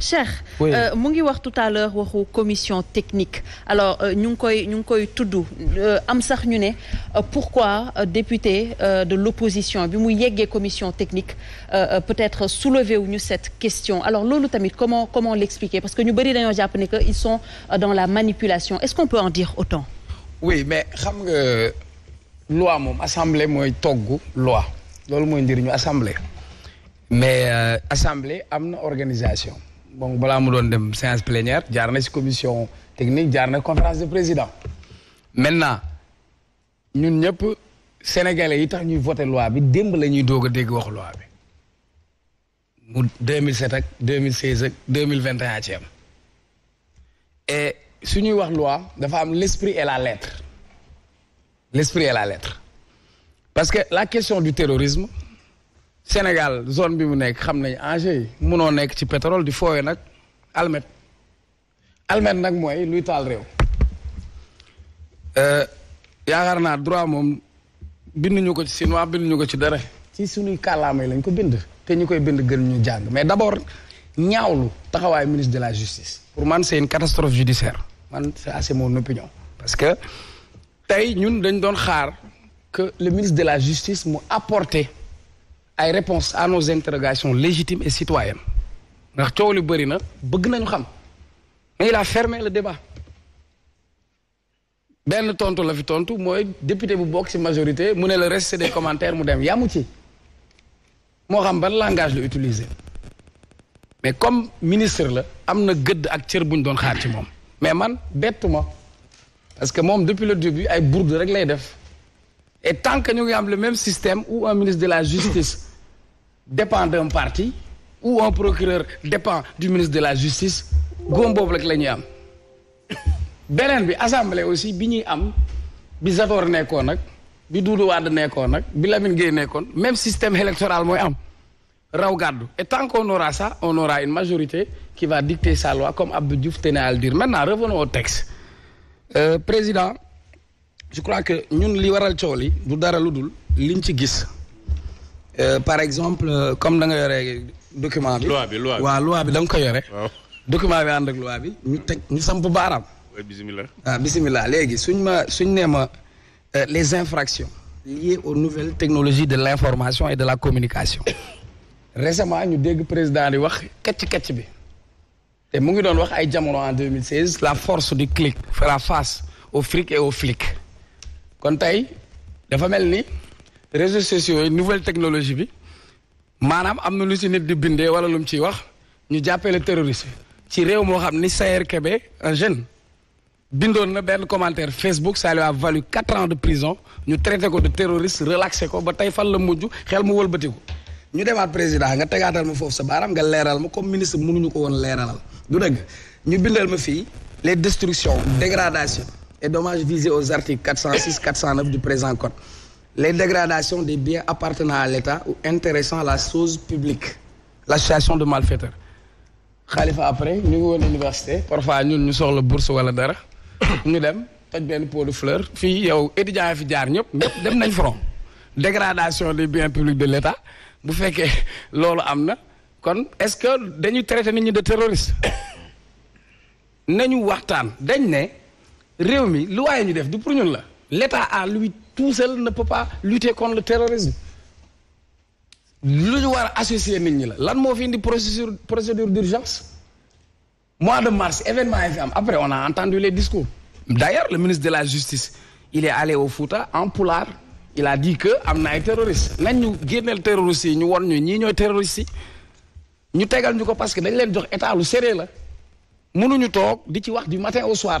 Cher, je euh, vais tout à l'heure la commission technique alors euh, nous avons koy doux. Euh, pourquoi député de l'opposition bi mu commission technique peut-être soulever cette question alors nous tamit comment comment l'expliquer parce que nous, avons japonais, ils sont dans la manipulation est-ce qu'on peut en dire autant oui mais xam nga loi assemblée loi dit l'Assemblée. mais assemblée organisation bon bala mu doon dem séance plénière jaar ci commission technique jaar na conférence de président maintenant ñun ñëpp sénégalais yi tax ñuy voté loi bi démb la ñuy doog a dégg wax loi bi mu 2007 ak 2016 ak 2021 Et am et suñuy wax loi dafa am l'esprit et la lettre l'esprit et la lettre parce que la question du terrorisme Sénégal zone bi mu nekk xam nañ munoo nekk pétrole di nag almet almet nag mooy luy taal réew euh, yaakaar naa droit moom ñu ko ci chinois ñu ko ci dara ci suñuy des lañ ko bind te ñu koy bind gën ñu mais d'abord ñaawlu taxawaay ministre de la justice pour man c'est une catastrophe judiciaire man c'est assez mon opinion parce que tey ñun dañ que le ministre de la justice mu apporter ay à nos interrogations légitimes et citoyennes ndax coow na bëgg nañu xam mais il a fermé le débat benn tontu la fi tontu mooy député bu bokk majorité mu le reste des commentaires mu dem yamu ci moo xam langage la utiliser mais comme ministre la am na gëdd ak cër buñ doon xaar ci mais man bête parce que moi depuis le début ay bourde rek lay def et tant que nous ngi le même système où un ministre de la justice dépend d'un parti ou un procureur dépend du ministre de la justice Gombob rek la am beneen bi assemblée aussi Bini am bi Zator nekkoon nak bi Doudou wad nekkoon nak bi Lamine même système électoral moy am raw gàddu et tant qu'on aura ça on aura une majorité qui va dicter sa loi comme Abdou Diouf tenait à le dire maintenant revenons au texte euh, président je crois que ñun li waral nous, li du dara luddul liñ ci gis euh, par exemple euh, comme da nga yore document bi. loi bi loi bi loi bi da nga ko document bi ànd ak loi bi. ñu teg ñu samp baaraam. ah bismillah. Euh, les infractions liées aux nouvelles technologies de l'information et de la communication récemment ñu le président di wax ketch, kacc bi te mu ngi doon wax ay en 2016 la force du clic fera face aux flics et aux flics kon tey dafa mel réseaux sociaux yi nouvelle technologie bi maanaam am lu ci nit di bindee wala lu ci wax ñu jàppee le terroriste ci réew mo xamni Sayer Kébé un jeune bindon na ben commentaire Facebook ça lui a valu quatre ans de prison ñu traité ko de terroriste relaxé ko ba tay fal la muju xel mu wëlbatiku ñu demaat président nga tegaatal ma fofu sa baram nga léral ma comme ministre mënuñu ko won léralal du dëgg ñu bindal ma fi les destructions dégradations et dommages visés aux articles 406 409 du présent code les dégradations des biens appartenant à l'État ou intéressant à la chose publique, l'association de malfaiteurs. Khalifa après nous, ngi à université parfois nous, ñu le bourse wala dara nous, dem toj bien pot de fleur fii yow étudiants yi fi jaar Nous, sommes dem nañ front dégradation des biens publics de l'État Vous faites que, l'eau est-ce que nous traitons de terroristes Nous, waxtaan dañ sommes. réew nous ñu def du pour ñun l'État a lui tout seul ne peut pas lutter contre le terrorisme Nous devons associer nit gens. la lan procédure d'urgence mois de mars événement FM. après on a entendu les discours d'ailleurs le ministre de la justice il est allé au Fouta en poulard. il a dit que y a des terroristes nous avons des terroristes nous avons won terroristes ñu tegal terroristes parce que nous leen jox état lu Nous la mënuñu toog du matin au soir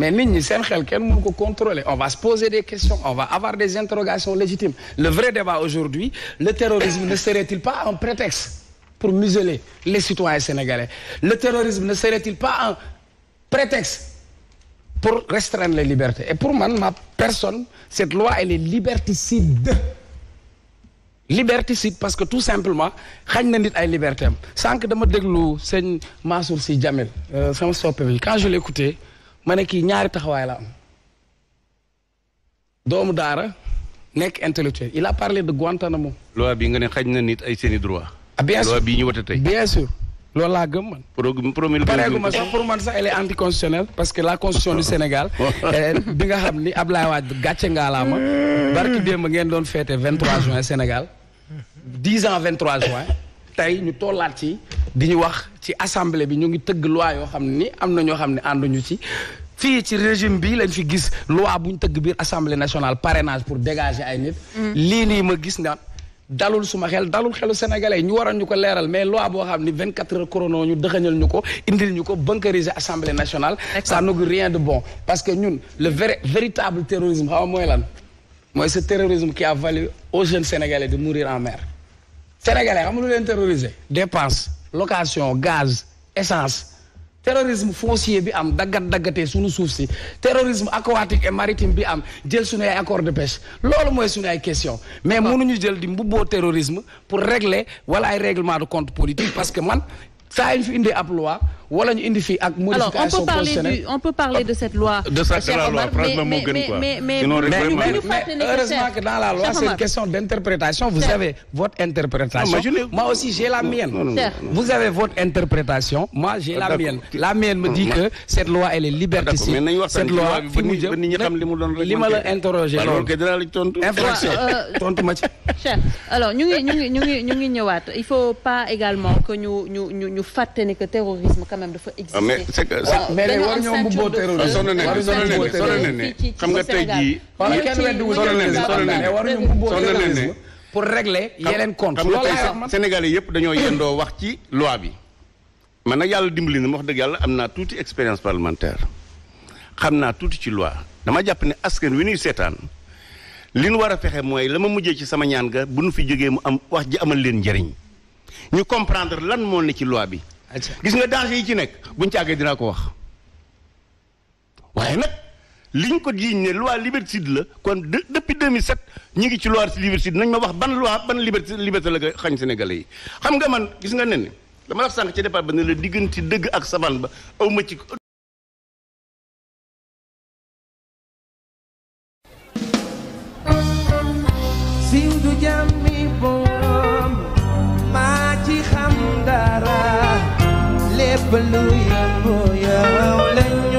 Mais nous, nous contrôler. On va se poser des questions, on va avoir des interrogations légitimes. Le vrai débat aujourd'hui, le terrorisme ne serait-il pas un prétexte pour museler les citoyens sénégalais Le terrorisme ne serait-il pas un prétexte pour restreindre les libertés Et pour moi, ma personne, cette loi, elle est liberticide. liberticide parce que tout simplement il na liberté Sans que dama déglu Djamil euh, sama quand je l'écoutais ma ne kii ñaari taxawaay la am doomu daara nekk intellectuel il a parlé de Guantanamo. loi bi nga ne xaj na nit ay seeni droit. Ah, loi bi ñu wote tey. bien sûr loolu laa gëm man. pro promulgué pareeguma sax pour man sax elle est anticonstitutionnelle parce que la constitution du Sénégal. bi nga xam ni Ablaye Wade gàcce ma. barki démb ngeen doon féete 23 juin Sénégal 10 ans 23 juin tey ñu tollaat ci di ñu wax ci assemblée bi ñu ngi tëgg loi yoo xam ni am na ñoo xam ne ànduñu ci fii ci régime bi lañ fi gis loi bu ñu tëgg biir assemblée nationale parrainage pour dégager ay nit. Mm. lii nii ma gis na dalul suma xel dalul xelu sénégalais ñu waroon ñu ko leeral mais loi boo xam ni 24 heures chrono ñu dëxëñal ñu ko indil ñu ko bunkeriser assemblée nationale. ça n'augure rien de bon parce que ñun le vrai véritable terrorisme xaw mooy lan mooy ce terrorisme qui a valu aux jeunes sénégalais de mourir en mer sénégalais xam nga lu leen terroriser dépense. location gaz essence terrorisme foncier bi am daggat daggatee suñu suuf si terrorisme aquatique et maritime bi am jël suñu ay accord de pêche loolu mooy suñu ay question mais ñu jël di mbubboo terrorisme pour régler wala ay règlement de compte politique parce que man saa yu fi indee ab on peut parler de cette loi. de cette loi mais mais mais heureusement que dans la loi c'est une question d'interprétation vous avez votre interprétation. moi aussi j'ai la mienne. vous avez votre interprétation. moi j'ai la mienne la mienne me dit que cette loi elle est liberticide. cette loi il faut pas également que nous fassions que terrorisme. même dafa exister. Ah, mais c'est que mais war ñoo mbubboo terroriste. soo ne ne xam nga tey jii. kenn weddiwul terrorisme pour régler yeneen compte. xam nga tey yëpp dañoo yendoo wax ci loi bi. man nag yàlla dimbali na wax dëgg yàlla am naa tuuti expérience parlementaire xam naa tuuti ci loi dama jàpp ne askan wi ñuy seetaan li ñu war a fexe mooy la ma mujjee ci sama ñaan ga nu fi jógee mu am wax ji amal leen njëriñ comprendre lan moo ne ci loi bi. gis nga danger yi ci nekk buñ ci àggee dinaa ko wax waaye li liñ ko jiiñ ne loi liberticide la kon depuis 2007 ñu ngi ci loi liberticide nañ ma wax ban loi ban liberté liberté la ko xañ Sénégalais yi xam nga man gis nga nen dama wax sànq ci départ ba ne la diggante dëgg ak savane ba aw ma ci Siw يقبلوا يا ابويا ولن